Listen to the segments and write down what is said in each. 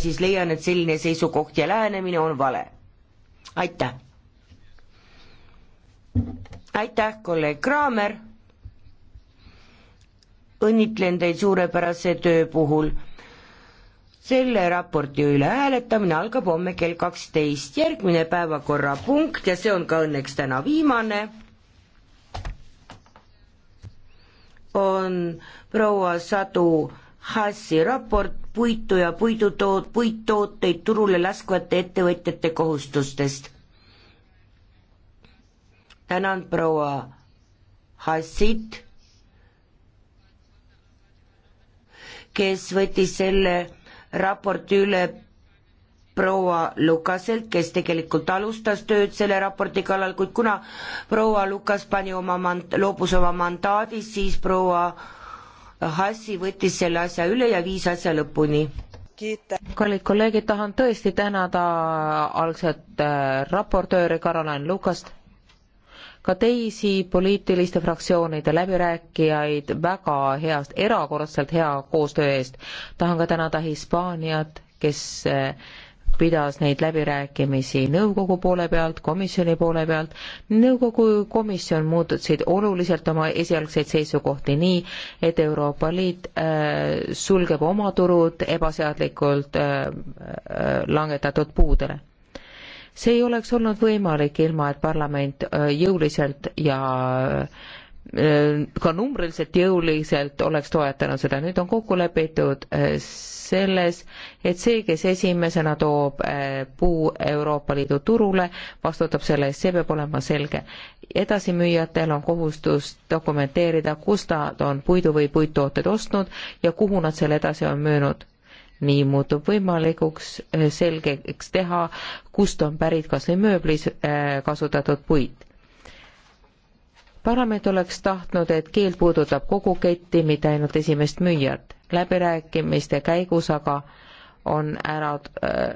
siis leian, et selline seisukoht ja lähenemine on vale. aitäh. aitäh, kolleeg Kraamer. õnnitlen teid suurepärase töö puhul. selle raporti üle hääletamine algab homme kell kaksteist, järgmine päevakorrapunkt ja see on ka õnneks täna viimane on proua Sadu Hassi raport puitu ja puidutood, puittooteid turule laskvate ettevõtjate kohustustest. tänan proua Hassit, kes võttis selle raporti üle proua Lukaselt, kes tegelikult alustas tööd selle raporti kallal, kuid kuna proua Lukas pani oma mand-, loobus oma mandaadist, siis proua Hassi võttis selle asja üle ja viis asja lõpuni. kallid kolleegid, tahan tõesti tänada algset äh, raportööri Caroline Lukast, ka teisi poliitiliste fraktsioonide läbirääkijaid väga heast, erakordselt hea koostöö eest. tahan ka tänada Hispaaniat, kes äh, pidas neid läbirääkimisi nõukogu poole pealt, komisjoni poole pealt. nõukogu komisjon muutusid oluliselt oma esialgseid seisukohti nii, et Euroopa Liit äh, sulgeb oma turud ebaseadlikult äh, äh langetatud puudele see ei oleks olnud võimalik ilma, et parlament äh, jõuliselt ja äh, Äh, ka numbriliselt jõuliselt oleks toetanud seda. nüüd on kokku lepitud äh, selles, et see, kes esimesena toob äh, puu Euroopa Liidu turule, vastutab selle eest, see peab olema selge. edasimüüjatel on kohustus dokumenteerida, kust nad on puidu või puittooted ostnud ja kuhu nad selle edasi on müünud nii muutub võimalikuks selgeks teha, kust on pärit kas või mööblis kasutatud puit parlament oleks tahtnud, et keeld puudutab kogu ketti, mitte ainult esimest müüjat. läbirääkimiste käigus aga on ära äh, äh,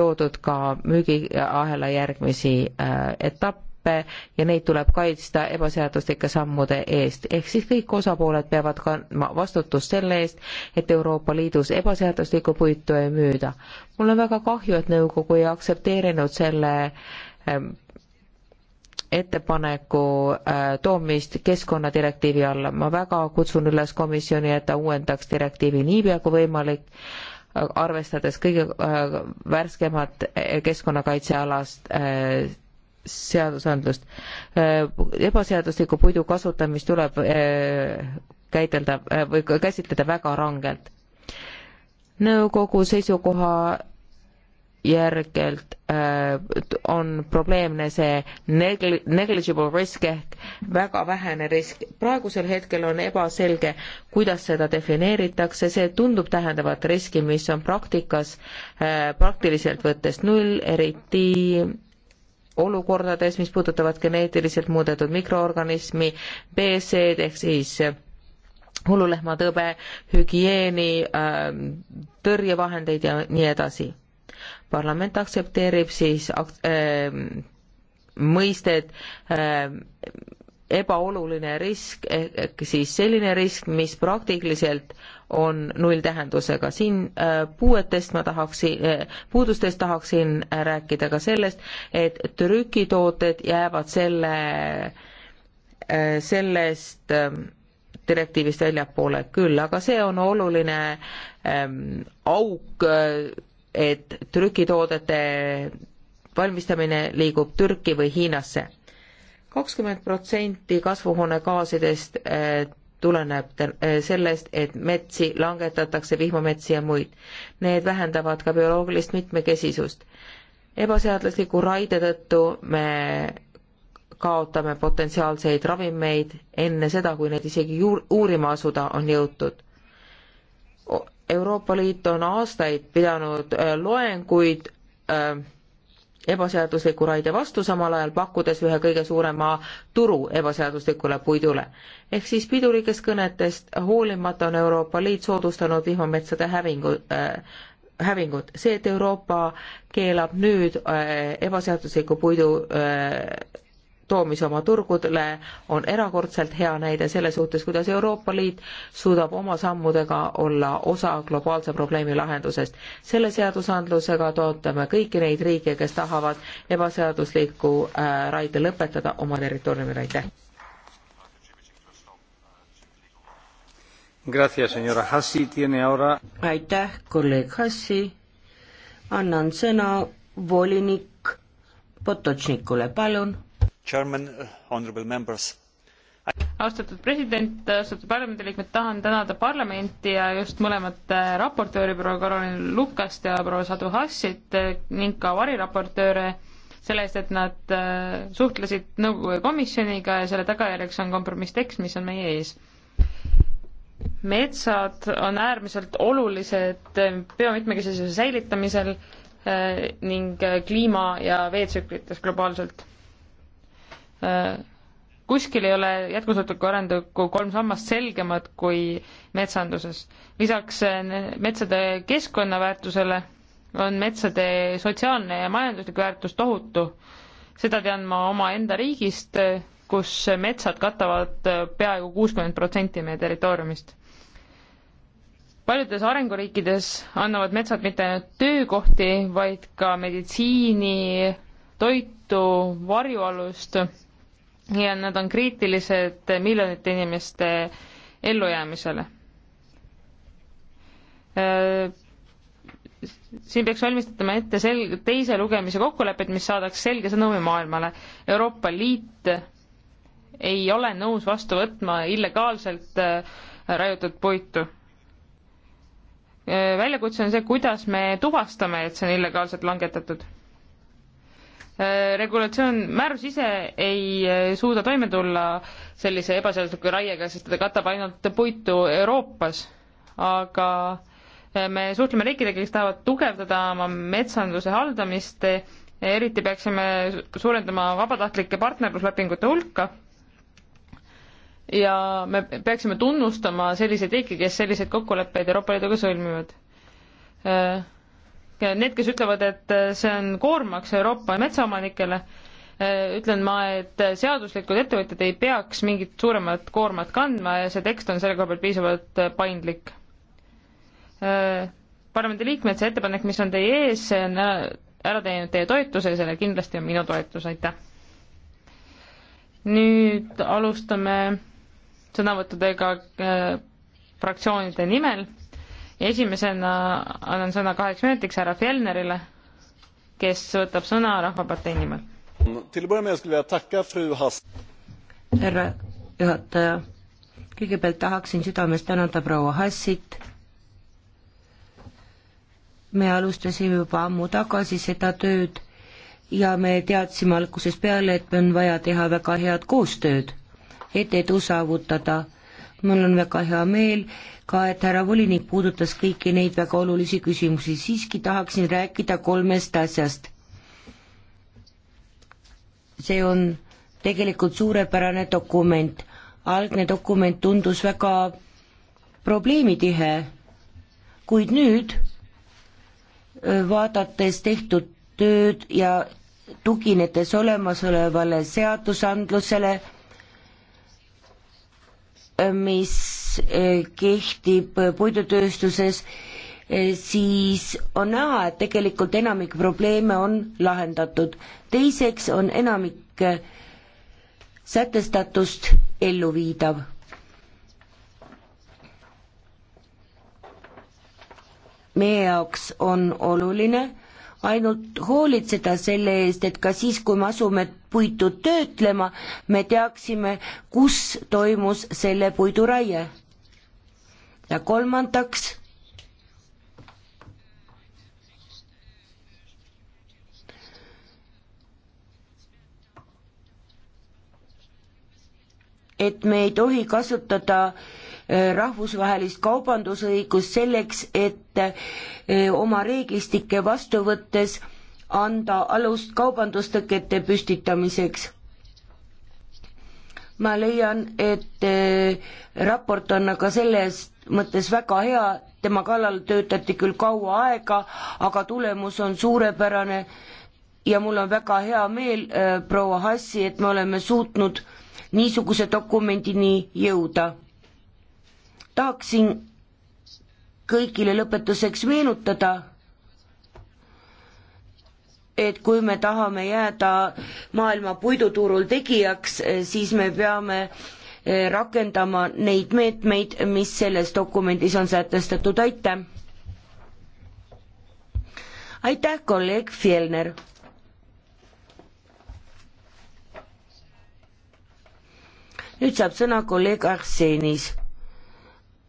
toodud ka müügiahela järgmisi äh, etappe ja neid tuleb kaitsta ebaseaduslike sammude eest. ehk siis kõik osapooled peavad kandma vastutust selle eest, et Euroopa Liidus ebaseaduslikku puitu ei müüda. mul on väga kahju, et nõukogu ei aktsepteerinud selle ähm, ettepaneku äh, toomist keskkonnadirektiivi alla. ma väga kutsun üles komisjoni, et ta uuendaks direktiivi niipea kui võimalik, äh, arvestades kõige äh, värskemat keskkonnakaitsealast seadusandlust. ebaseadusliku puidu kasutamist tuleb käidelda või käsitleda väga rangelt nõukogu seisukoha järgelt äh, on probleemne see negli-, negligible risk ehk väga vähene risk. praegusel hetkel on ebaselge, kuidas seda defineeritakse, see tundub tähendavat riski, mis on praktikas äh, praktiliselt võttes null, eriti olukordades, mis puudutavad geneetiliselt muudetud mikroorganismi, BC-d ehk siis hullulehmatõbe, hügieeni äh,, tõrjevahendeid ja nii edasi parlament aktsepteerib siis äh, mõisted äh, ebaoluline risk ehk siis selline risk, mis praktiliselt on nulltähendusega. siin äh, puuetest ma tahaksin, äh, puudustest tahaksin rääkida ka sellest, et trükitooted jäävad selle, äh, sellest ähm, direktiivist väljapoole küll, aga see on oluline ähm, auk äh, et trükitoodete valmistamine liigub Türki või Hiinasse. kakskümmend protsenti kasvuhoonegaasidest eh, tuleneb eh, sellest, et metsi langetatakse, vihmametsi ja muid. Need vähendavad ka bioloogilist mitmekesisust. ebaseadusliku raide tõttu me kaotame potentsiaalseid ravimeid enne seda, kui neid isegi juur-, uurima asuda on jõutud Euroopa Liit on aastaid pidanud äh, loenguid äh, ebaseadusliku raide vastu, samal ajal pakkudes ühe kõige suurema turu ebaseaduslikule puidule. ehk siis pidulikest kõnetest hoolimata on Euroopa Liit soodustanud vihmametsade hävingu äh,, hävingut. see, et Euroopa keelab nüüd äh, ebaseadusliku puidu äh, toomise oma turgudele on erakordselt hea näide selle suhtes, kuidas Euroopa Liit suudab oma sammudega olla osa globaalse probleemi lahendusest. selle seadusandlusega toetame kõiki neid riike, kes tahavad ebaseadusliku äh, raide lõpetada oma territooriumil, aitäh! aitäh, kolleeg Hassi. annan sõna volinik Potočnikule, palun Uh, austatud president austatud parlamendiliikmed tahan tänada parlamenti ja just mõlemat äh, raportööri proua Karolin Lukast ja proua Sadu Hassit äh, ning ka variraportööre selle eest, et nad äh, suhtlesid nõukogu ja komisjoniga ja selle tagajärjeks on kompromisstekst, mis on meie ees. metsad on äärmiselt olulised biomitmekesisuse säilitamisel ning kliima ja veetsüklites globaalselt Äh, kuskil ei ole jätkusuutliku arengu kolm sammast selgemad kui metsanduses. lisaks äh, metsade keskkonnaväärtusele on metsade sotsiaalne ja majanduslik väärtus tohutu. seda tean ma omaenda riigist, äh, kus metsad katavad peaaegu kuuskümmend protsenti meie territooriumist. paljudes arenguriikides annavad metsad mitte ainult töökohti, vaid ka meditsiini, toitu, varjualust ja nad on kriitilised miljonite inimeste ellujäämisele. siin peaks valmistatama ette sel-, teise lugemise kokkulepet, mis saadaks selge sõnumi maailmale. Euroopa Liit ei ole nõus vastu võtma illegaalselt äh, raiutud puitu. Äh, väljakutse on see, kuidas me tuvastame, et see on illegaalselt langetatud Äh, regulatsioon, määrus ise ei äh, suuda toime tulla sellise ebaseadusliku raiega, sest ta katab ainult puitu Euroopas, aga äh, me suhtleme riikidega, kes tahavad tugevdada oma metsanduse haldamist, eriti peaksime suurendama vabatahtlike partnerluslepingute hulka ja me peaksime tunnustama selliseid riike, kes selliseid kokkuleppeid Euroopa Liiduga sõlmivad Need, kes ütlevad, et see on koormaks Euroopa metsaomanikele, eh, ütlen ma, et seaduslikud ettevõtjad ei peaks mingit suuremat koormat kandma ja see tekst on selle koha pealt piisavalt eh, paindlik. Eh, parlamendiliikmed, see ettepanek, mis on teie ees, see on ära teeninud teie toetuse ja sellel kindlasti on minu toetus, aitäh. nüüd alustame sõnavõttudega fraktsioonide nimel esimesena annan sõna kaheks minutiks härra Fjellnerile, kes võtab sõna Rahvapartei nimel. härra juhataja, kõigepealt tahaksin südamest tänada proua Hassit. me alustasime juba ammu tagasi seda tööd ja me teadsime algusest peale, et on vaja teha väga head koostööd, et edu saavutada mul on väga hea meel ka, et härra volinik puudutas kõiki neid väga olulisi küsimusi, siiski tahaksin rääkida kolmest asjast. see on tegelikult suurepärane dokument, algne dokument tundus väga probleemitihe, kuid nüüd, vaadates tehtud tööd ja tuginedes olemasolevale seadusandlusele, mis eh, kehtib puidutööstuses, eh, siis on näha, et tegelikult enamik probleeme on lahendatud. teiseks on enamik eh, sätestatust elluviidav. meie jaoks on oluline ainult hoolitseda selle eest, et ka siis, kui me asume puitu töötlema, me teaksime, kus toimus selle puidu raie. ja kolmandaks, et me ei tohi kasutada rahvusvahelist kaubandusõigust selleks, et eh, oma reeglistikke vastu võttes anda alust kaubandustõkete püstitamiseks. ma leian, et eh, raport on aga selles mõttes väga hea, tema kallal töötati küll kaua aega, aga tulemus on suurepärane ja mul on väga hea meel äh,, proua Hassi, et me oleme suutnud niisuguse dokumendini jõuda tahaksin kõigile lõpetuseks meenutada, et kui me tahame jääda maailma puiduturul tegijaks, siis me peame eh, rakendama neid meetmeid, mis selles dokumendis on sätestatud, aitäh! aitäh, kolleeg Fjellner! nüüd saab sõna kolleeg Arsenis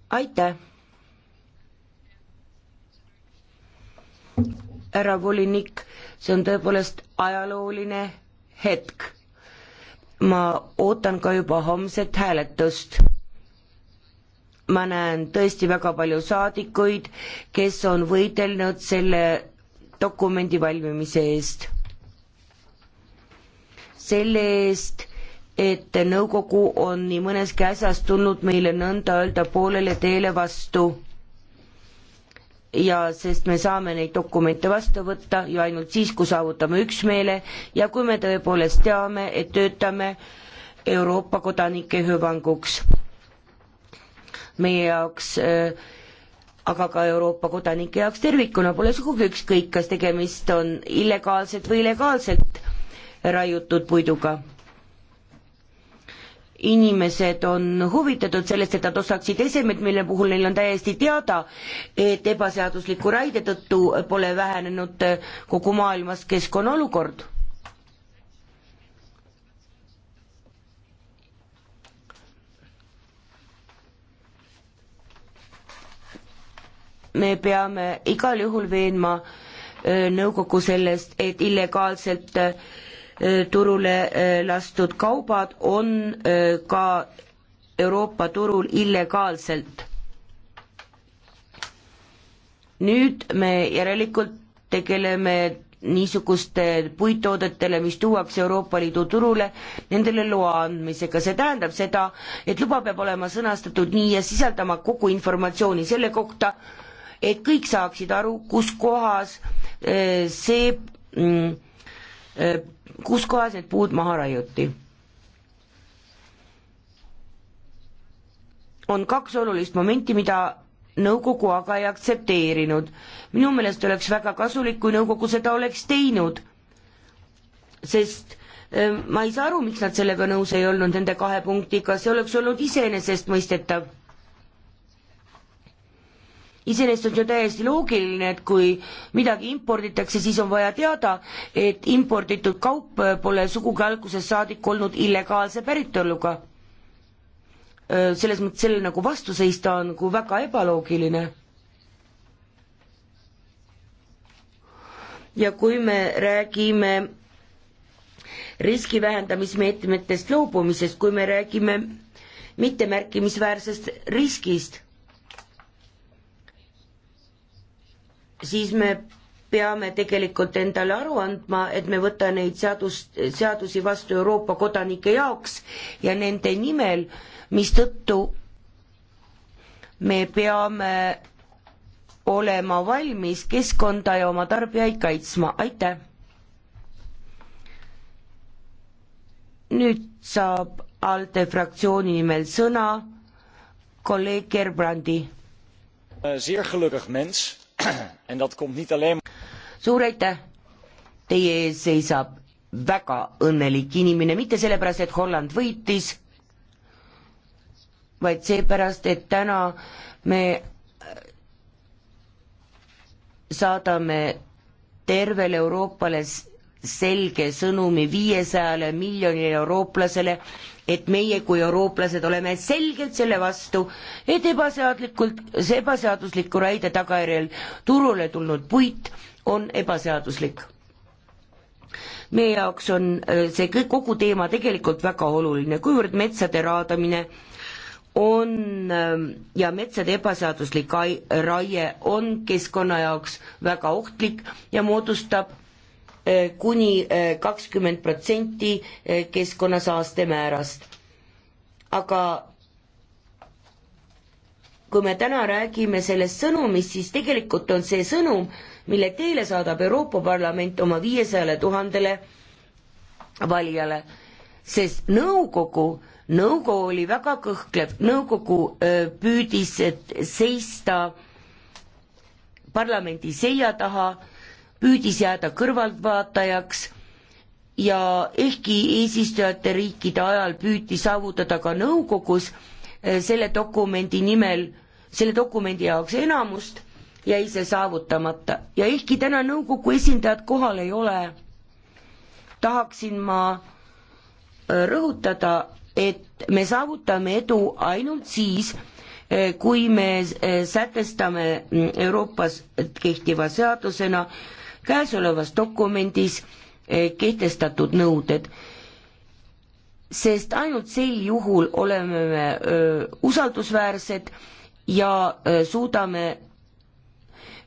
aitäh. härra volinik, see on tõepoolest ajalooline hetk. ma ootan ka juba homset hääletust ma näen tõesti väga palju saadikuid, kes on võidelnud selle dokumendi valmimise eest. selle eest, et nõukogu on nii mõneski asjas tulnud meile nõnda öelda poolele teele vastu. ja sest me saame neid dokumente vastu võtta ju ainult siis, kui saavutame üksmeele ja kui me tõepoolest teame, et töötame Euroopa kodanike hüvanguks. meie jaoks äh, aga ka Euroopa kodanike jaoks tervikuna pole sugugi ükskõik, kas tegemist on illegaalselt või legaalselt raiutud puiduga inimesed on huvitatud sellest, et nad ostaksid esemed, mille puhul neil on täiesti teada, et ebaseadusliku raide tõttu pole vähenenud kogu maailmas keskkonnaolukord. me peame igal juhul veenma äh, nõukogu sellest, et illegaalselt äh, Eh, turule eh, lastud kaubad on eh, ka Euroopa turul illegaalselt. nüüd me järelikult tegeleme niisuguste puittoodetele, mis tuuakse Euroopa Liidu turule, nendele loa andmisega, see tähendab seda, et luba peab olema sõnastatud nii ja sisaldama kogu informatsiooni selle kohta, et kõik saaksid aru, kus kohas see mm, kus kohas need puud maha raiuti. on kaks olulist momenti, mida nõukogu aga ei aktsepteerinud. minu meelest oleks väga kasulik, kui nõukogu seda oleks teinud, sest ähm, ma ei saa aru, miks nad sellega nõus ei olnud, nende kahe punktiga, see oleks olnud iseenesestmõistetav iseenesest on see täiesti loogiline, et kui midagi imporditakse, siis on vaja teada, et imporditud kaup pole sugugi algusest saadik olnud illegaalse päritoluga. selles mõttes sellele nagu vastu seista on nagu väga ebaloogiline. ja kui me räägime riski vähendamismeetmetest loobumisest, kui me räägime mittemärkimisväärsest riskist siis me peame tegelikult endale aru andma, et me võta neid seadust, seadusi vastu Euroopa kodanike jaoks ja nende nimel, mistõttu me peame olema valmis keskkonda ja oma tarbijaid kaitsma, aitäh! nüüd saab ALDE fraktsiooni nimel sõna kolleeg Gerbrandi. Zeer gelukkig mens en dat komt niet alleen... suur aitäh! Teie ees seisab väga õnnelik inimene, mitte sellepärast, et Holland võitis, vaid seepärast, et täna me äh, saadame tervele Euroopale selge sõnumi viiesajale miljonile eurooplasele, et meie kui eurooplased oleme selgelt selle vastu, et ebaseadlikult, see ebaseadusliku raide tagajärjel turule tulnud puit on ebaseaduslik. meie jaoks on äh, see kõik, kogu teema tegelikult väga oluline, kuivõrd metsade raadamine on ähm, ja metsade ebaseaduslik raie on keskkonna jaoks väga ohtlik ja moodustab Eh, kuni eh, kakskümmend protsenti eh, keskkonnasaaste määrast. aga kui me täna räägime sellest sõnumist, siis tegelikult on see sõnum, mille teele saadab Euroopa Parlament oma viiesajale tuhandele valijale, sest nõukogu, nõukogu oli väga kõhklev, nõukogu öö, püüdis seista parlamendi selja taha, püüdis jääda kõrvaltvaatajaks ja ehkki eesistujate riikide ajal püüti saavutada ka nõukogus eh, selle dokumendi nimel, selle dokumendi jaoks enamust, jäi see saavutamata ja ehkki täna nõukogu esindajad kohal ei ole, tahaksin ma eh, rõhutada, et me saavutame edu ainult siis, eh, kui me sätestame mm, Euroopas kehtiva seadusena käesolevas dokumendis eh, kehtestatud nõuded, sest ainult sel juhul oleme me öö, eh, usaldusväärsed ja öö, eh, suudame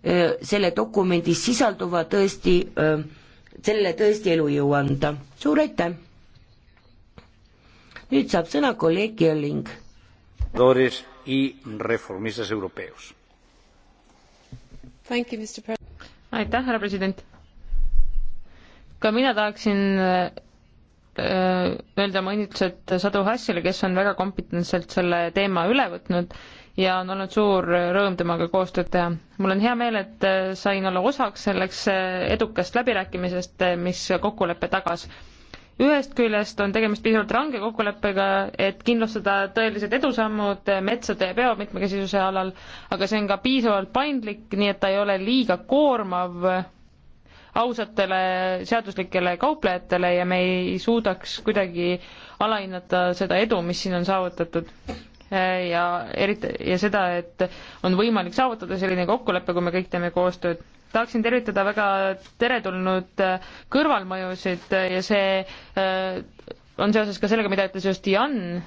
öö, selle dokumendis sisalduva tõesti, selle tõesti elujõu anda. suur aitäh! nüüd saab sõna kolleeg Jõling. Doris y reformistas europeos. Thank you, Mr. President aitäh, härra president. ka mina tahaksin äh, öelda oma õnnitlused Sadu Hassile, kes on väga kompetentselt selle teema üle võtnud ja on olnud suur rõõm temaga koostööd teha. mul on hea meel, et äh, sain olla osaks selleks äh, edukast läbirääkimisest, mis kokkuleppe tagas ühest küljest on tegemist piisavalt range kokkuleppega, et kindlustada tõelised edusammud metsade ja peo mitmekesisuse alal, aga see on ka piisavalt paindlik, nii et ta ei ole liiga koormav ausatele seaduslikele kauplejatele ja me ei suudaks kuidagi alahinnata seda edu, mis siin on saavutatud. ja eriti, ja seda, et on võimalik saavutada selline kokkulepe, kui me kõik teeme koostööd tahaksin tervitada väga teretulnud äh, kõrvalmõjusid äh, ja see äh, on seoses ka sellega, mida ütles just Jan,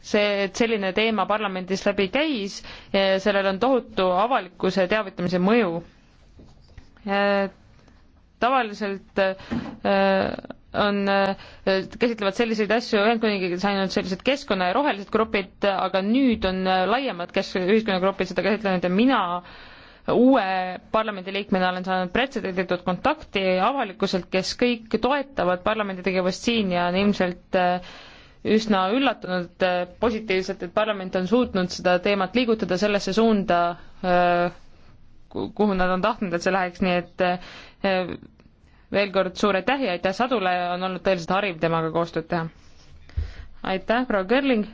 see, et selline teema parlamendis läbi käis, sellel on tohutu avalikkuse teavitamise mõju. tavaliselt on, äh, käsitlevad selliseid asju Ühendkuningriigis ainult sellised keskkonna ja rohelised grupid, aga nüüd on äh, laiemad kes-, ühiskonnagrupid seda käsitlenud ja mina uue parlamendiliikmena olen saanud pretsedenditud kontakti avalikkuselt, kes kõik toetavad parlamendi tegevust siin ja on ilmselt äh, üsna üllatunud positiivselt, et parlament on suutnud seda teemat liigutada sellesse suunda, kuhu nad on tahtnud, et see läheks, nii et veel kord suur aitäh ja aitäh Sadule, on olnud tõeliselt hariv temaga koostööd teha. aitäh, proua Kerling.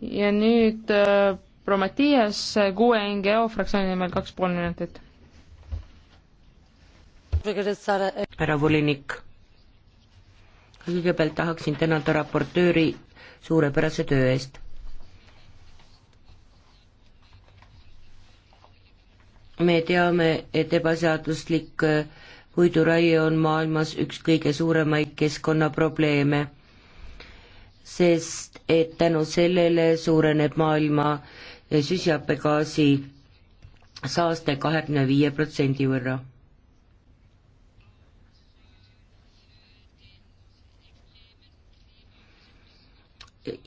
ja nüüd äh, proua Mattias, äh, kuue NGO fraktsiooni nimel kaks pool minutit. härra volinik, kõigepealt tahaksin tänada raportööri suurepärase töö eest me teame, et ebaseaduslik äh, puiduraie on maailmas üks kõige suuremaid keskkonnaprobleeme, sest et tänu sellele suureneb maailma süsihappegaasi saaste kahekümne viie protsendi võrra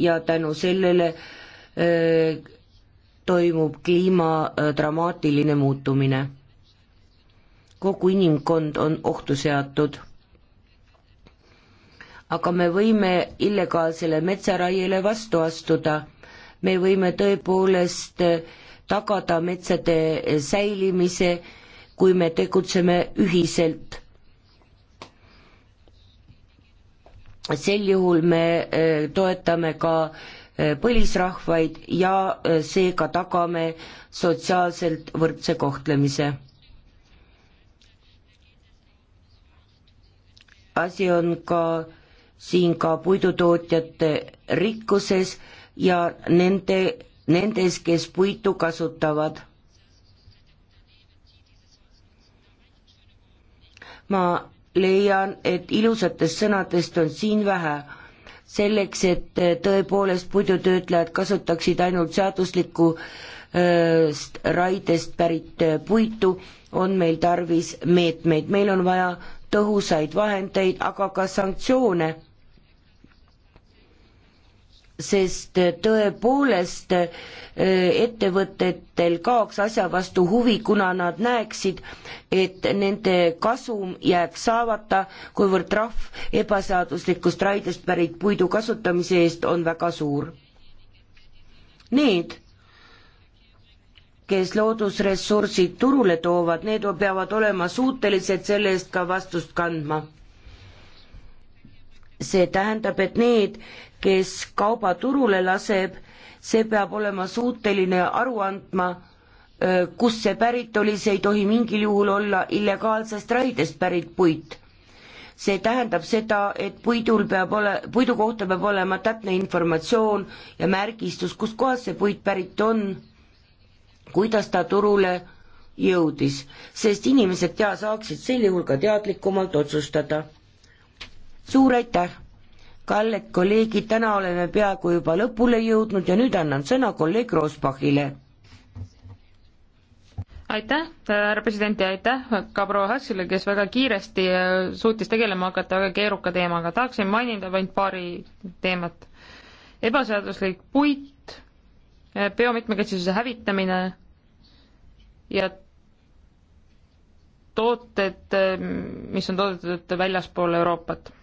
ja tänu sellele öö, äh, toimub kliima öö, äh, dramaatiline muutumine kogu inimkond on ohtu seatud. aga me võime illegaalsele metsaraiele vastu astuda, me võime tõepoolest tagada metsade säilimise, kui me tegutseme ühiselt. sel juhul me eh, toetame ka eh, põlisrahvaid ja eh, seega tagame sotsiaalselt võrdse kohtlemise asi on ka siin ka puidutootjate rikkuses ja nende, nendes, kes puitu kasutavad. ma leian, et ilusatest sõnadest on siin vähe. selleks, et tõepoolest puidutöötlejad kasutaksid ainult seaduslikku äh, raidest pärit äh, puitu, on meil tarvis meetmeid, meil on vaja tõhusaid vahendeid, aga ka sanktsioone. sest tõepoolest äh, ettevõtetel kaoks asja vastu huvi, kuna nad näeksid, et nende kasum jääb saavata, kuivõrd trahv ebaseaduslikust raidest pärit puidu kasutamise eest on väga suur. Need kes loodusressursid turule toovad, need peavad olema suutelised selle eest ka vastust kandma. see tähendab, et need, kes kauba turule laseb, see peab olema suuteline aru andma, kust see pärit oli, see ei tohi mingil juhul olla illegaalsest raidest pärit puit. see tähendab seda, et puidul peab ole, puidu kohta peab olema täpne informatsioon ja märgistus, kust kohast see puit pärit on kuidas ta turule jõudis, sest inimesed tea saaksid sel juhul ka teadlikumalt otsustada. suur aitäh! kallid kolleegid, täna oleme peaaegu juba lõpule jõudnud ja nüüd annan sõna kolleeg Rosbachile. aitäh, härra president ja aitäh ka proua Hassile, kes väga kiiresti äh, suutis tegelema hakata väga keeruka teemaga, tahaksin mainida vaid paari teemat. ebaseaduslik puit Äh, biomitmekesisuse hävitamine ja tooted, äh, mis on toodetud väljaspool Euroopat.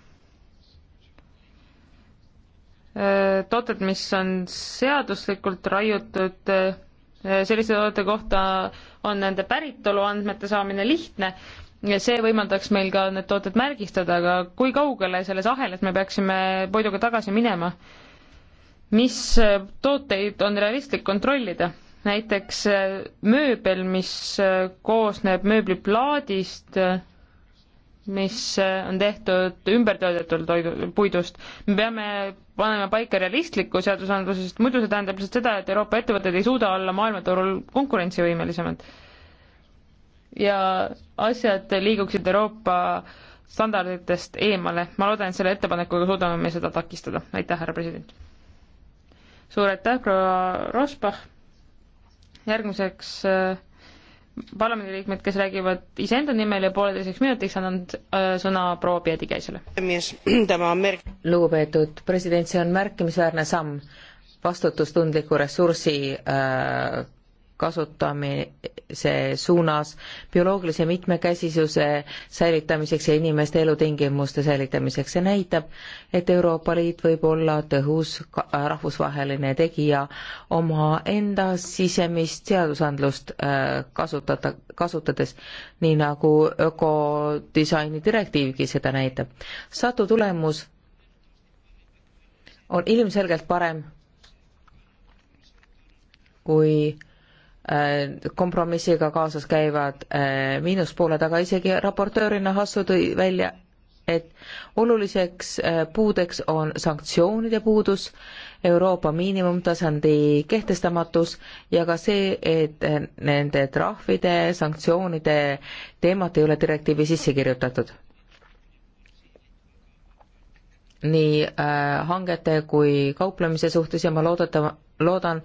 Äh, tooted, mis on seaduslikult raiutud, selliste toodete kohta on nende päritolu andmete saamine lihtne ja see võimaldaks meil ka need tooted märgistada, aga kui kaugele selles ahelas me peaksime toiduga tagasi minema? mis äh, tooteid on realistlik kontrollida. näiteks äh, mööbel, mis äh, koosneb mööbliplaadist, mis on tehtud ümbertöödetud toidu, puidust. me peame panema paika realistliku seadusandluse, sest muidu see tähendab lihtsalt seda, et Euroopa ettevõtted ei suuda olla maailmaturul konkurentsivõimelisemad. ja asjad liiguksid Euroopa standarditest eemale. ma loodan, et selle ettepanekuga suudame me seda takistada. aitäh, härra president! suur aitäh, proua Rosbach, järgmiseks äh, parlamendiliikmed, kes räägivad iseenda nimel ja pooleteiseks minutiks annan äh, sõna proua Pietikäisele. lugupeetud president, see on märkimisväärne samm vastutustundliku ressursi äh, kasutamise suunas bioloogilise mitmekesisuse säilitamiseks ja inimeste elutingimuste säilitamiseks. see näitab, et Euroopa Liit võib olla tõhus äh, rahvusvaheline tegija omaenda sisemist seadusandlust äh, kasutada, kasutades, nii nagu ökodisaini direktiivgi seda näitab. satu tulemus on ilmselgelt parem kui Äh, kompromissiga kaasas käivad äh, miinuspooled, aga isegi raportöörina Hassu tõi välja, et oluliseks äh, puudeks on sanktsioonide puudus, Euroopa miinimumtasandi kehtestamatus ja ka see, et nende trahvide, sanktsioonide teemat ei ole direktiivi sisse kirjutatud nii äh, hangete kui kauplemise suhtes ja ma loodeta-, loodan,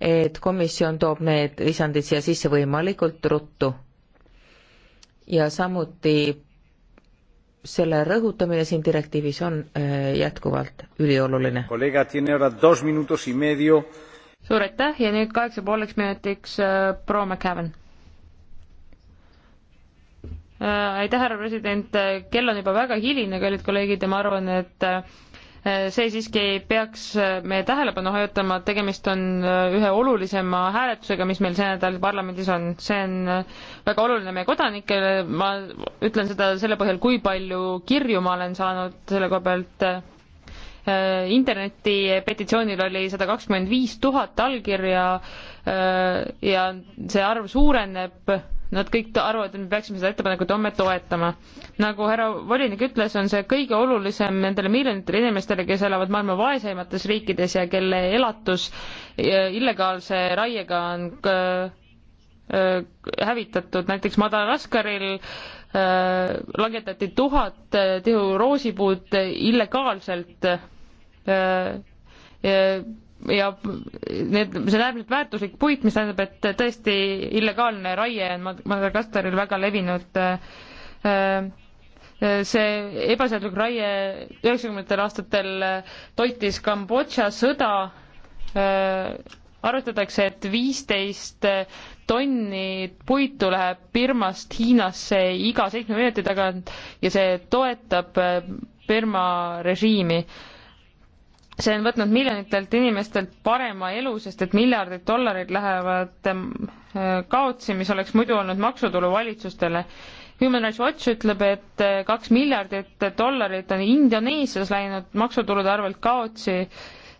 et komisjon toob need lisandid siia sisse võimalikult ruttu. ja samuti selle rõhutamine siin direktiivis on äh, jätkuvalt ülioluline. suur aitäh ja nüüd kaheksa pooleks minutiks äh, proua McCaven Äh, aitäh, härra president, kell on juba väga hiline, kallid kolleegid, ja ma arvan, et äh, see siiski ei peaks äh, meie tähelepanu hajutama, et tegemist on ühe olulisema hääletusega, mis meil see nädal parlamendis on. see on väga oluline meie kodanikele, ma ütlen seda selle põhjal, kui palju kirju ma olen saanud selle koha pealt. interneti petitsioonil oli sada kakskümmend viis tuhat allkirja ja see arv suureneb Nad kõik arvavad, et me peaksime seda ettepanekut homme toetama. nagu härra volinik ütles, on see kõige olulisem nendele miljonitele inimestele, kes elavad maailma vaesemates riikides ja kelle elatus illegaalse raiega on hävitatud, näiteks Madagaskaril langetati tuhat tihuroosipuud illegaalselt ja need, see on äärmiselt väärtuslik puit, mis tähendab, et tõesti illegaalne raie on Madagaskaril väga levinud. Äh, äh, see ebaseaduslik raie üheksakümnendatel aastatel toitis Kambodža sõda. Äh, arvestatakse, et viisteist tonni puitu läheb Birmast Hiinasse iga seitsme minuti tagant ja see toetab Birma režiimi see on võtnud miljonitelt inimestelt parema elu, sest et miljardid dollarid lähevad ähm, äh, kaotsi, mis oleks muidu olnud maksutulu valitsustele. Human Rights Watch ütleb, et äh, kaks miljardit dollarit on Indoneesias läinud maksutulude arvelt kaotsi.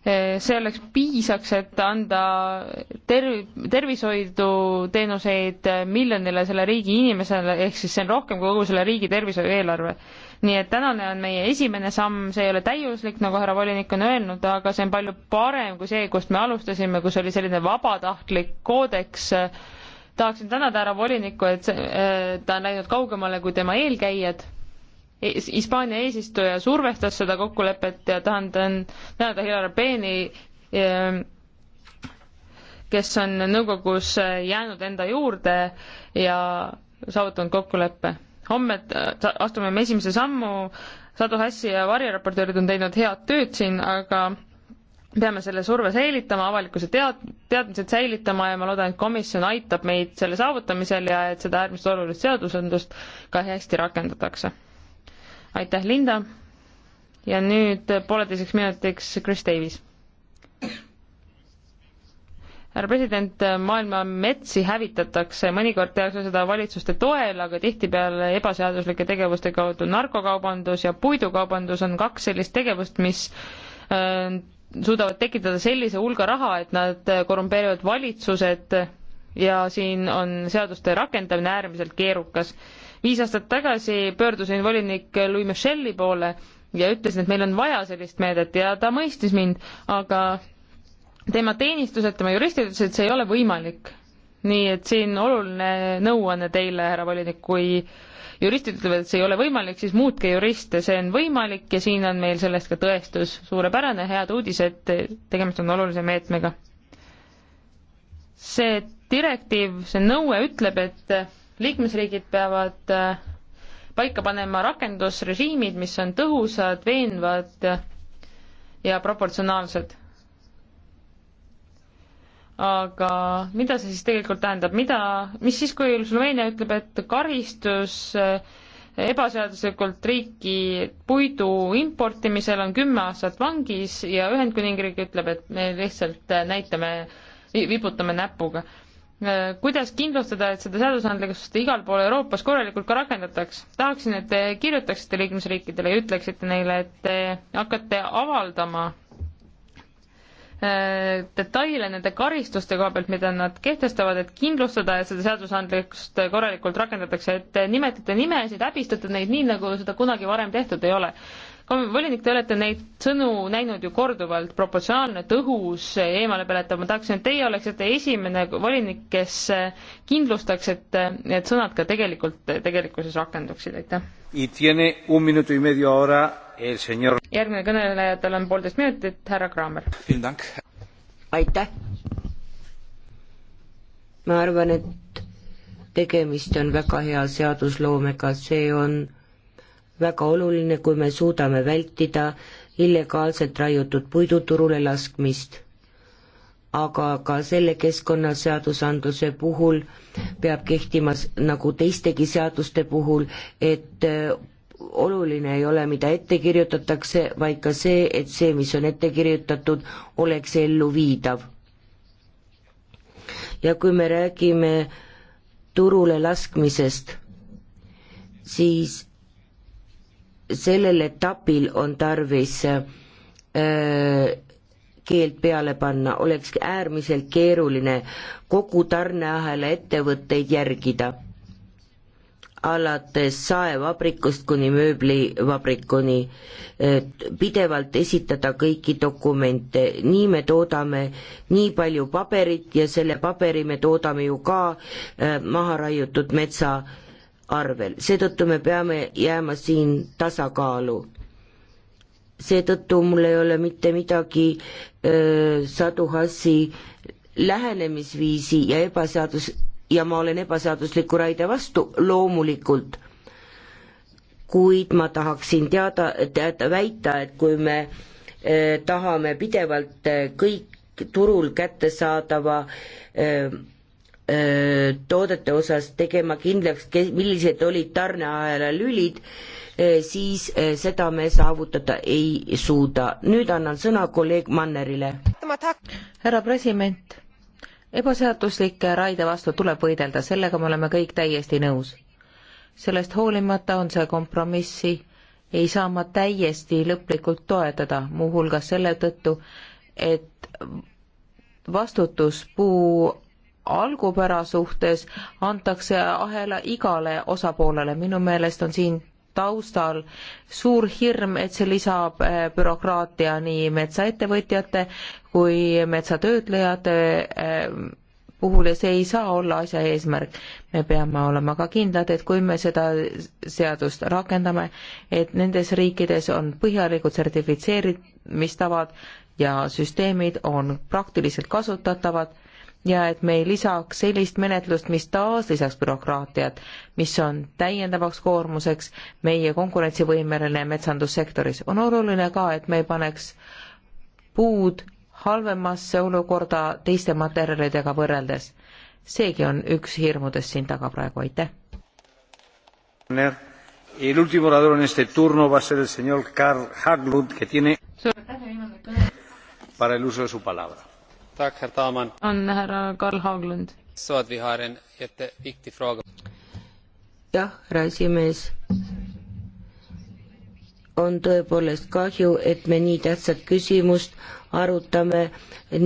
Äh, see oleks piisaks, et anda ter-, tervishoiduteenuseid miljonile selle riigi inimesele, ehk siis see on rohkem kui kogu selle riigi tervishoiueelarve nii et tänane on meie esimene samm, see ei ole täiuslik, nagu härra volinik on öelnud, aga see on palju parem kui see, kust me alustasime, kus oli selline vabatahtlik koodeks. tahaksin tänada härra volinikku, et äh, ta on läinud kaugemale kui tema eelkäijad e, Hispaania eesistuja survestas seda kokkulepet ja tahan tänada Hilar Peeni, ähm, kes on nõukogus jäänud enda juurde ja saavutanud kokkuleppe homme äh, astume me esimese sammu, Sadu Hässi ja variraportöörid on teinud head tööd siin, aga peame selle surve säilitama, avalikkuse tead-, teadmised säilitama ja ma loodan, et komisjon aitab meid selle saavutamisel ja et seda äärmiselt olulist seadusandlust ka hästi rakendatakse. aitäh, Linda! ja nüüd pooleteiseks minutiks Chris Davis härra president, maailma metsi hävitatakse, mõnikord tehakse seda valitsuste toel, aga tihtipeale ebaseaduslike tegevuste kaudu. narkokaubandus ja puidukaubandus on kaks sellist tegevust, mis äh, suudavad tekitada sellise hulga raha, et nad korrumpeerivad valitsused ja siin on seaduste rakendamine äärmiselt keerukas. viis aastat tagasi pöördusin volinik Louis Michel'i poole ja ütlesin, et meil on vaja sellist meedet ja ta mõistis mind, aga tema teenistused, tema juristid ütlesid, et see ei ole võimalik. nii et siin oluline nõuanne teile, härra volinik, kui juristid ütlevad, et see ei ole võimalik, siis muutke juriste, see on võimalik ja siin on meil sellest ka tõestus. suurepärane, head uudised, tegemist on olulise meetmega. see direktiiv, see nõue ütleb, et liikmesriigid peavad äh, paika panema rakendusrežiimid, mis on tõhusad, veenvad ja proportsionaalsed aga mida see siis tegelikult tähendab, mida, mis siis, kui Sloveenia ütleb, et karistus eh, ebaseaduslikult riiki puidu importimisel on kümme aastat vangis ja Ühendkuningriik ütleb, et me lihtsalt eh, näitame, viputame näpuga. Eh, kuidas kindlustada, et seda seadusandlikkust igal pool Euroopas korralikult ka rakendataks? tahaksin, et te kirjutaksite liikmesriikidele ja ütleksite neile, et te hakkate avaldama Äh, detaile nende karistuste koha pealt, mida nad kehtestavad, et kindlustada, et seda seadusandlikkust korralikult rakendatakse, et nimetate nimesid, häbistate neid nii, nagu seda kunagi varem tehtud ei ole. volinik, te olete neid sõnu näinud ju korduvalt, proportsionaalne, tõhus, eemalepeletav, ma tahaksin, et teie oleksite esimene volinik, kes kindlustaks, et need sõnad ka tegelikult, tegelikkuses rakenduksid, aitäh. Senor... järgmine kõneleja, tal on poolteist minutit, härra Kraamer. aitäh. ma arvan, et tegemist on väga hea seadusloomega, see on väga oluline, kui me suudame vältida illegaalselt raiutud puiduturule laskmist. aga ka selle keskkonnaseadusandluse puhul peab kehtima, nagu teistegi seaduste puhul, et oluline ei ole, mida ette kirjutatakse, vaid ka see, et see, mis on ette kirjutatud, oleks elluviidav. ja kui me räägime turule laskmisest, siis sellel etapil on tarvis öö, keeld peale panna, oleks äärmiselt keeruline kogu tarneahela ettevõtteid järgida alates saevabrikust kuni mööblivabrikuni, pidevalt esitada kõiki dokumente, nii me toodame nii palju paberit ja selle paberi me toodame ju ka äh, maha raiutud metsa arvel, seetõttu me peame jääma siin tasakaalu. seetõttu mul ei ole mitte midagi öö, äh, Sadu Hassi lähenemisviisi ja ebaseadus, ja ma olen ebaseadusliku raide vastu, loomulikult. kuid ma tahaksin teada, teada, väita, et kui me eh, tahame pidevalt eh, kõik turul kättesaadava eh, eh toodete osas tegema kindlaks, kes, millised olid tarneahela lülid, eh, siis eh, seda me saavutada ei suuda. nüüd annan sõna kolleeg Mannerile. härra president, ebaseaduslike raide vastu tuleb võidelda, sellega me oleme kõik täiesti nõus. sellest hoolimata on see kompromissi ei saa ma täiesti lõplikult toetada, muuhulgas selle tõttu, et vastutus puu algupära suhtes antakse ahela igale osapoolele, minu meelest on siin taustal suur hirm, et see lisab äh, bürokraatia nii metsaettevõtjate kui metsatöötlejate äh, puhul ja see ei saa olla asja eesmärk. me peame olema ka kindlad, et kui me seda seadust rakendame, et nendes riikides on põhjalikud sertifitseerimistavad ja süsteemid on praktiliselt kasutatavad ja et me ei lisaks sellist menetlust, mis taas lisaks bürokraatiat, mis on täiendavaks koormuseks meie konkurentsivõimeline metsandussektoris. on oluline ka, et me ei paneks puud halvemasse olukorda teiste materjalidega võrreldes. seegi on üks hirmudest siin taga praegu, aitäh. El último orador en este turno va a ser el señor Karl Haglund, que tiene para el uso de su palabra on härra Karl Haaglund. jah, härra esimees. on tõepoolest kahju, et me nii tähtsat küsimust arutame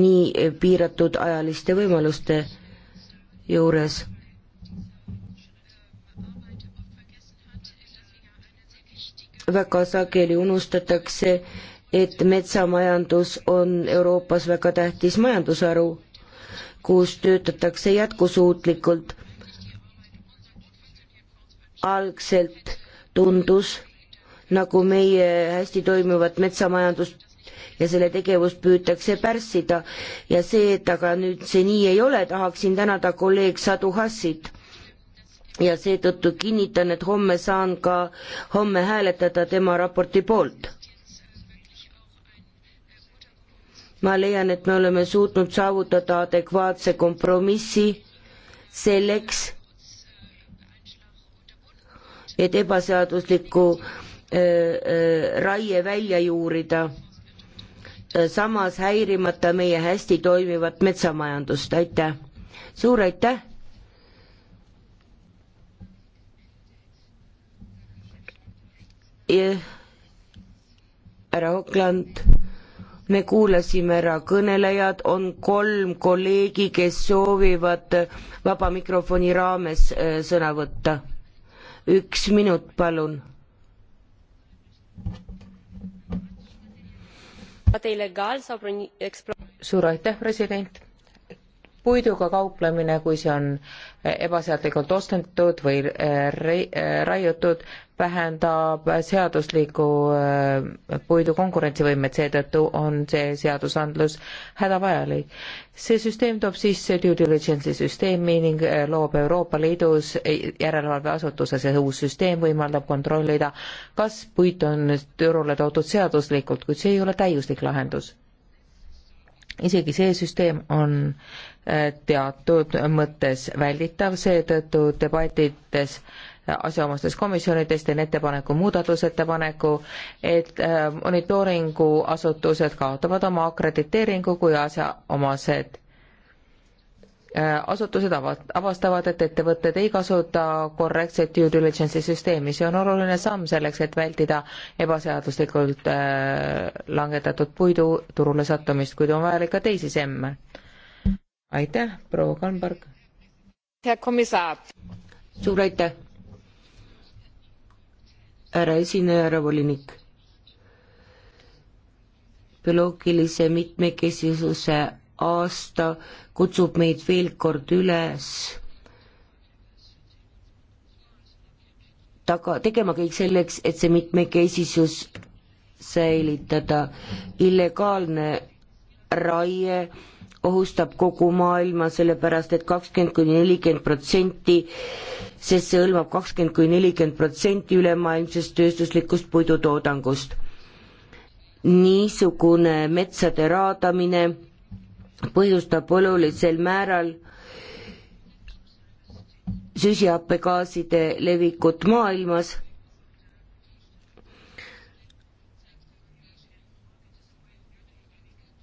nii piiratud ajaliste võimaluste juures väga sageli unustatakse, et metsamajandus on Euroopas väga tähtis majandusharu, kus töötatakse jätkusuutlikult. algselt tundus, nagu meie hästi toimivat metsamajandust ja selle tegevust püütakse pärssida ja see, et aga nüüd see nii ei ole, tahaksin tänada kolleeg Sadu Hassit ja seetõttu kinnitan, et homme saan ka, homme hääletada tema raporti poolt ma leian, et me oleme suutnud saavutada adekvaatse kompromissi selleks, et ebaseaduslikku äh, äh, raie välja juurida, äh, samas häirimata meie hästi toimivat metsamajandust, aitäh. suur aitäh. härra Okland me kuulasime ära kõnelejad, on kolm kolleegi, kes soovivad vaba mikrofoni raames äh, sõna võtta. üks minut, palun. suur aitäh, president puiduga kauplemine, kui see on ebaseaduslikult ostetud või äh, äh, raiutud, vähendab seadusliku äh, puidu konkurentsivõimet, seetõttu on see seadusandlus hädavajalik. see süsteem toob sisse due diligence'i süsteemi ning loob Euroopa Liidus järelevalveasutuses ja uus süsteem võimaldab kontrollida, kas puit on turule toodud seaduslikult, kuid see ei ole täiuslik lahendus isegi see süsteem on äh, teatud mõttes välditav, seetõttu debatides äh, asjaomastes komisjonides teen ettepaneku, muudatusettepaneku, et äh, monitooringuasutused kaotavad oma akrediteeringu, kui asjaomased Äh, asutused avastavad, et ettevõtted ei kasuta korrektset due diligence'i süsteemi, see on oluline samm selleks, et vältida ebaseaduslikult äh, langetatud puidu turule sattumist, kuid on vajalik ka teisi semme. aitäh, proua Kalmberg. suur aitäh. härra esineja, härra volinik bioloogilise mitmekesisuse aasta kutsub meid veel kord üles taga, tegema kõik selleks, et see mitmekesisus säilitada. illegaalne raie ohustab kogu maailma, sellepärast et kakskümmend kuni nelikümmend protsenti, sest see hõlmab kakskümmend kuni nelikümmend protsenti ülemaailmsest tööstuslikust puidutoodangust. niisugune metsade raadamine põhjustab olulisel määral süsihappegaaside levikut maailmas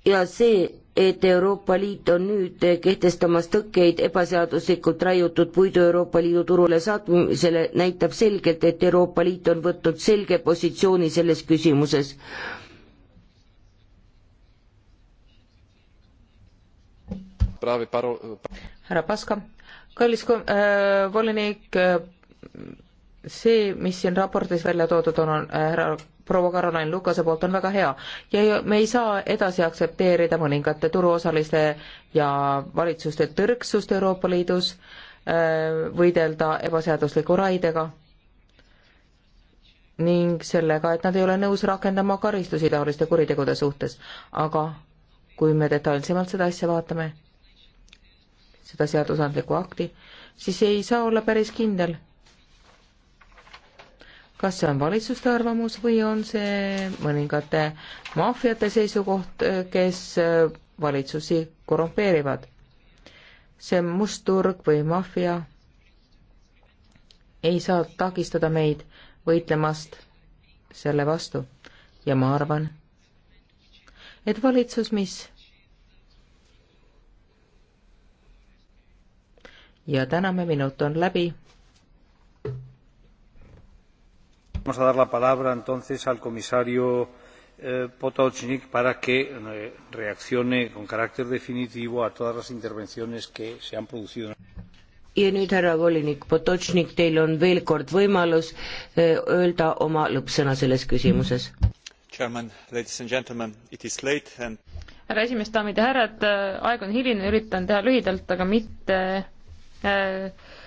ja see, et Euroopa Liit on nüüd kehtestamas tõkkeid ebaseaduslikult raiutud puidu Euroopa Liidu turule saatmisele, näitab selgelt, et Euroopa Liit on võtnud selge positsiooni selles küsimuses právě paro... härra Paska, kallis äh, volinik äh,, see, mis siin raportis välja toodud on, on äh, härra äh, proua Karolain Lukase poolt on väga hea ja me ei saa edasi aktsepteerida mõningate turuosaliste ja valitsuste tõrksust Euroopa Liidus äh,, võidelda ebaseadusliku raidega ning sellega, et nad ei ole nõus rakendama karistusi taoliste kuritegude suhtes. aga kui me detailsemalt seda asja vaatame seda seadusandlikku akti, siis ei saa olla päris kindel, kas see on valitsuste arvamus või on see mõningate maffiate seisukoht, kes valitsusi korrumpeerivad. see must turg või maffia ei saa takistada meid võitlemast selle vastu ja ma arvan, et valitsus, mis ja täname, minut on läbi. Vamos a dar la palabra entonces al comisario eh, Potocznik para que eh, reaccione con carácter definitivo a todas las intervenciones que se han producido ja nüüd härra volinik Potočnik, teil on veel kord võimalus eh, öelda oma lõppsõna selles küsimuses. härra esimees, daamid ja härrad, aeg on hiline, üritan teha lühidalt, aga mitte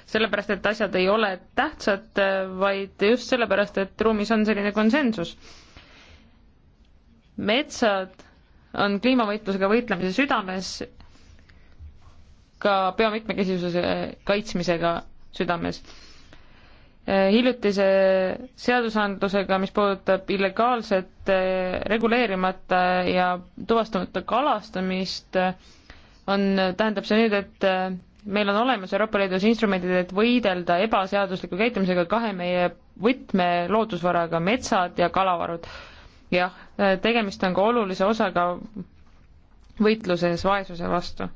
sellepärast, et asjad ei ole tähtsad, vaid just sellepärast, et ruumis on selline konsensus. metsad on kliimavõitlusega võitlemise südames, ka biomitmekesisuse kaitsmisega südames. hiljutise seadusandlusega, mis puudutab illegaalset, reguleerimata ja tuvastamata kalastamist, on, tähendab see nüüd, et meil on olemas Euroopa Liidus instrumendid, et võidelda ebaseadusliku käitumisega kahe meie võtme loodusvaraga, metsad ja kalavarud. jah, tegemist on ka olulise osaga võitluses vaesuse vastu.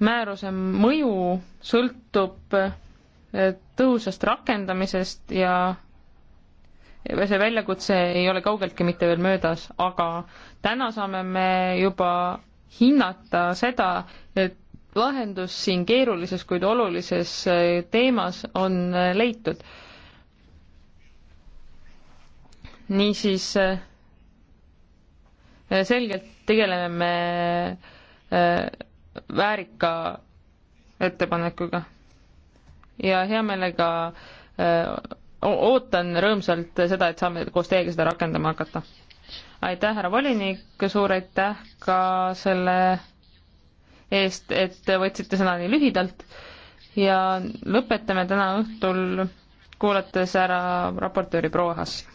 määruse mõju sõltub eh, tõhusast rakendamisest ja see väljakutse ei ole kaugeltki mitte veel möödas, aga täna saame me juba hinnata seda, et lahendus siin keerulises, kuid olulises äh, teemas on äh, leitud. niisiis äh, selgelt tegeleme me väärika ettepanekuga ja hea meelega ootan rõõmsalt seda, et saame koos teiega seda rakendama hakata aitäh, härra volinik, suur aitäh ka selle eest, et võtsite sõna nii lühidalt ja lõpetame täna õhtul kuulates ära raportööri proua Hassi.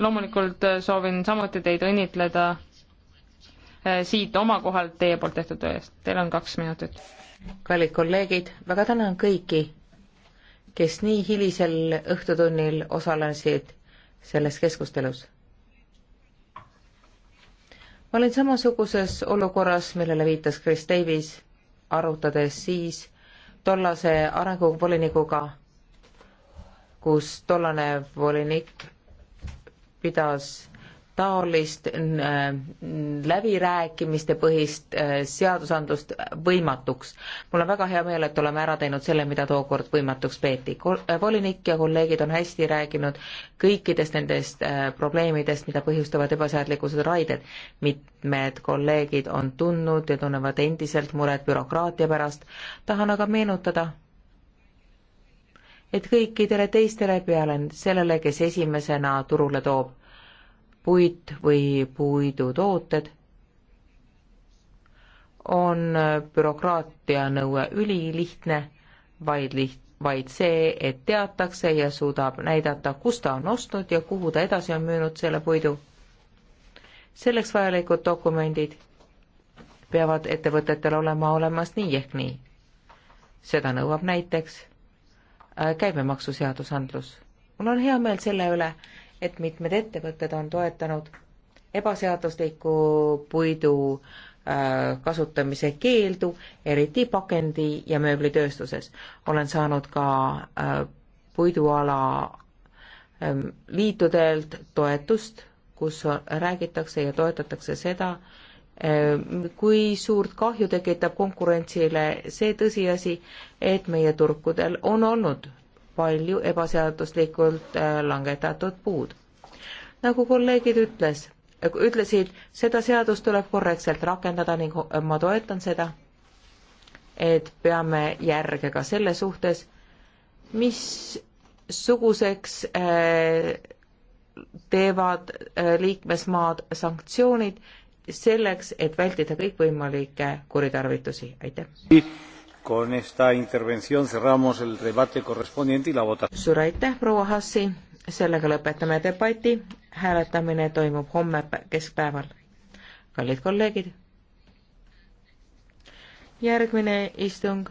loomulikult soovin samuti teid õnnitleda eh, siit oma kohalt teie poolt tehtud töö eest. Teil on kaks minutit. kallid kolleegid, väga tänan kõiki, kes nii hilisel õhtutunnil osalesid selles keskustelus. ma olin samasuguses olukorras, millele viitas Chris Davis, arutades siis tollase arenguvolinikuga, kus tollane volinik pidas taolist äh, läbirääkimiste põhist äh, seadusandlust võimatuks. mul on väga hea meel, et oleme ära teinud selle, mida tookord võimatuks peeti. Äh, volinik ja kolleegid on hästi rääkinud kõikidest nendest probleemidest, mida põhjustavad ebaseadlikkused raided. mitmed kolleegid on tundnud ja tunnevad endiselt muret bürokraatia pärast. tahan aga meenutada, et kõikidele teistele peale sellele, kes esimesena turule toob puit või puidutooted, on bürokraatia nõue ülilihtne, vaid liht-, vaid see, et teatakse ja suudab näidata, kust ta on ostnud ja kuhu ta edasi on müünud selle puidu. selleks vajalikud dokumendid peavad ettevõtetel olema olemas nii ehk nii. seda nõuab näiteks äh, käibemaksuseadusandlus. mul on hea meel selle üle, et mitmed ettevõtted on toetanud ebaseadusliku puidu äh, kasutamise keeldu, eriti pakendi- ja mööblitööstuses. olen saanud ka äh, puiduala ähm, liitudelt toetust, kus räägitakse ja toetatakse seda, ähm, kui suurt kahju tekitab konkurentsile see tõsiasi, et meie turgudel on olnud palju ebaseaduslikult äh, langetatud puud. nagu kolleegid ütles, äh, ütlesid, seda seadust tuleb korrektselt rakendada ning äh, ma toetan seda, et peame järge ka selle suhtes, missuguseks teevad liikmesmaad sanktsioonid selleks, et vältida kõikvõimalikke kuritarvitusi, aitäh! Con esta intervención cerramos el debate correspondiente y la votación. suur aitäh, proua Hassi, sellega lõpetame debati, hääletamine toimub homme keskpäeval. kallid kolleegid, järgmine istung